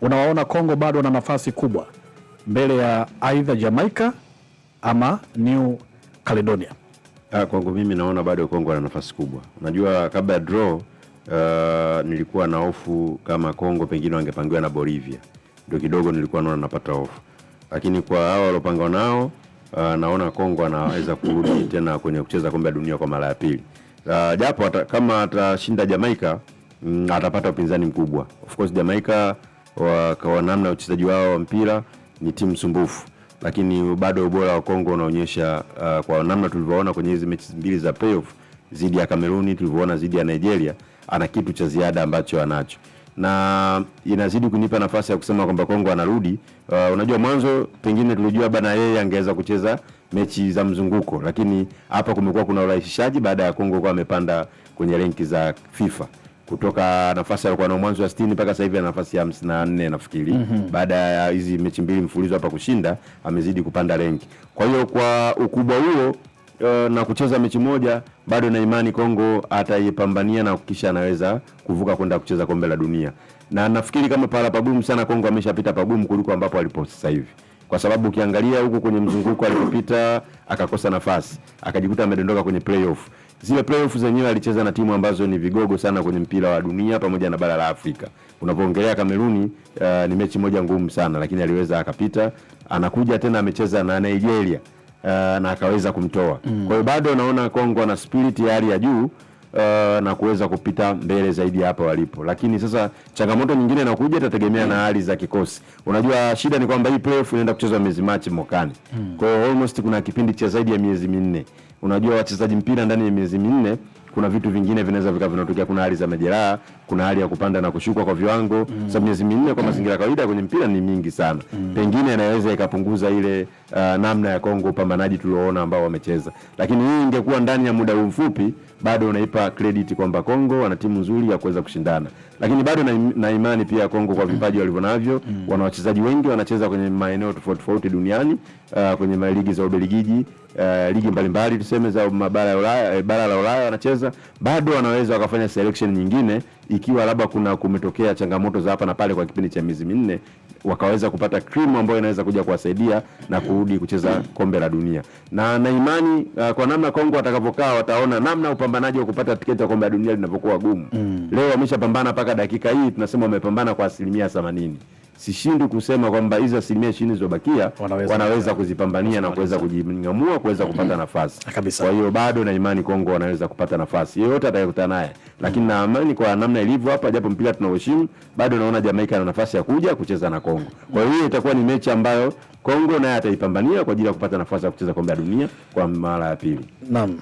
unawaona Kongo bado na nafasi kubwa mbele ya aidha Jamaica ama New Caledonia? Ah, kwangu mimi naona bado Kongo ana nafasi kubwa. Unajua, kabla ya draw uh, nilikuwa na hofu kama Kongo pengine wangepangiwa na Bolivia, ndio kidogo nilikuwa naona napata hofu, lakini kwa hawa waliopangwa nao uh, naona Kongo anaweza kurudi tena kwenye kucheza kombe la dunia kwa mara ya pili uh, japo ata, kama atashinda Jamaica mm, atapata upinzani mkubwa of course Jamaica kwa namna ya uchezaji wao wa mpira ni timu sumbufu, lakini bado ubora wa Kongo unaonyesha uh, kwa namna tulivyoona kwenye hizi mechi mbili za playoff zidi ya Kameruni, tulivyoona zidi ya Nigeria, ana kitu cha ziada ambacho anacho na inazidi kunipa nafasi ya kusema kwamba Kongo anarudi. Uh, unajua mwanzo pengine tulijua bana yeye angeweza kucheza mechi za mzunguko, lakini hapa kumekuwa kuna urahisishaji baada ya Kongo kuwa amepanda kwenye renki za FIFA kutoka nafasi alikuwa na mwanzo wa 60 mpaka sasa hivi ana nafasi ya 54 nafikiri. mm -hmm. Baada ya hizi mechi mbili mfululizo hapa kushinda amezidi kupanda renki. Kwa hiyo kwa ukubwa huo uh, na kucheza mechi moja bado na imani Kongo ataipambania na kisha anaweza kuvuka kwenda kucheza kombe la dunia, na nafikiri kama pala pagumu sana, Kongo ameshapita pagumu kuliko ambapo alipo sasa hivi, kwa sababu ukiangalia huku kwenye mzunguko alipopita akakosa nafasi akajikuta amedondoka kwenye playoff zile playoff zenyewe alicheza na timu ambazo ni vigogo sana kwenye mpira wa dunia pamoja na bara la Afrika. Unapoongelea Kameruni, uh, ni mechi moja ngumu sana, lakini aliweza akapita. Anakuja tena amecheza na Nigeria uh, na akaweza kumtoa mm. Kwa hiyo bado naona Kongo ana spirit ya hali ya juu Uh, na kuweza kupita mbele zaidi hapa walipo, lakini sasa changamoto nyingine inakuja, itategemea mm. na hali za kikosi. Unajua shida ni kwamba hii playoff inaenda kuchezwa miezi Machi mwakani mm. kwa hiyo almost kuna kipindi cha zaidi ya miezi minne Unajua wachezaji mpira ndani ya miezi minne kuna vitu vingine vinaweza vikawa vinatokea, kuna hali za majeraha, kuna hali ya kupanda na kushuka kwa viwango mm. sababu miezi minne kwa mm. mazingira ya kawaida kwenye mpira ni mingi sana mm. pengine inaweza ikapunguza ile uh, namna ya Kongo upambanaji tulioona ambao wamecheza, lakini hii ingekuwa ndani ya muda mfupi, bado unaipa credit kwamba Kongo wana timu nzuri ya kuweza kushindana, lakini bado na, na imani pia Kongo kwa mm. vipaji walivyonavyo mm. wana wachezaji wengi wanacheza kwenye maeneo tofauti tofauti duniani uh, kwenye ligi za Ubelgiji Uh, ligi mbalimbali tuseme za mabara ya Ulaya, eh, bara la Ulaya wanacheza bado wanaweza wakafanya selection nyingine ikiwa labda kuna kumetokea changamoto za hapa na pale kwa kipindi cha miezi minne, wakaweza kupata cream ambayo inaweza kuja kuwasaidia na kurudi kucheza kombe la dunia, na na imani uh, kwa namna Kongo atakapokaa wataona namna upambanaji wa kupata tiketi ya kombe la dunia linavyokuwa gumu mm. Leo wameshapambana mpaka dakika hii tunasema wamepambana kwa asilimia themanini sishindwi kusema kwamba hizo asilimia ishirini zilizobakia wanaweza, wanaweza kuzipambania na kuweza kujing'amua kuweza mm-hmm. kupata nafasi. Kwa hiyo bado na imani Kongo wanaweza kupata nafasi yeyote atakayekutana naye, lakini mm-hmm. na amani kwa namna ilivyo hapa, japo mpira tunauheshimu, bado naona Jamaika ana nafasi ya kuja kucheza na Kongo. Kwa hiyo itakuwa ni mechi ambayo Kongo naye ataipambania kwa ajili ya kupata nafasi ya kucheza kombe la dunia kwa mara ya pili. Naam.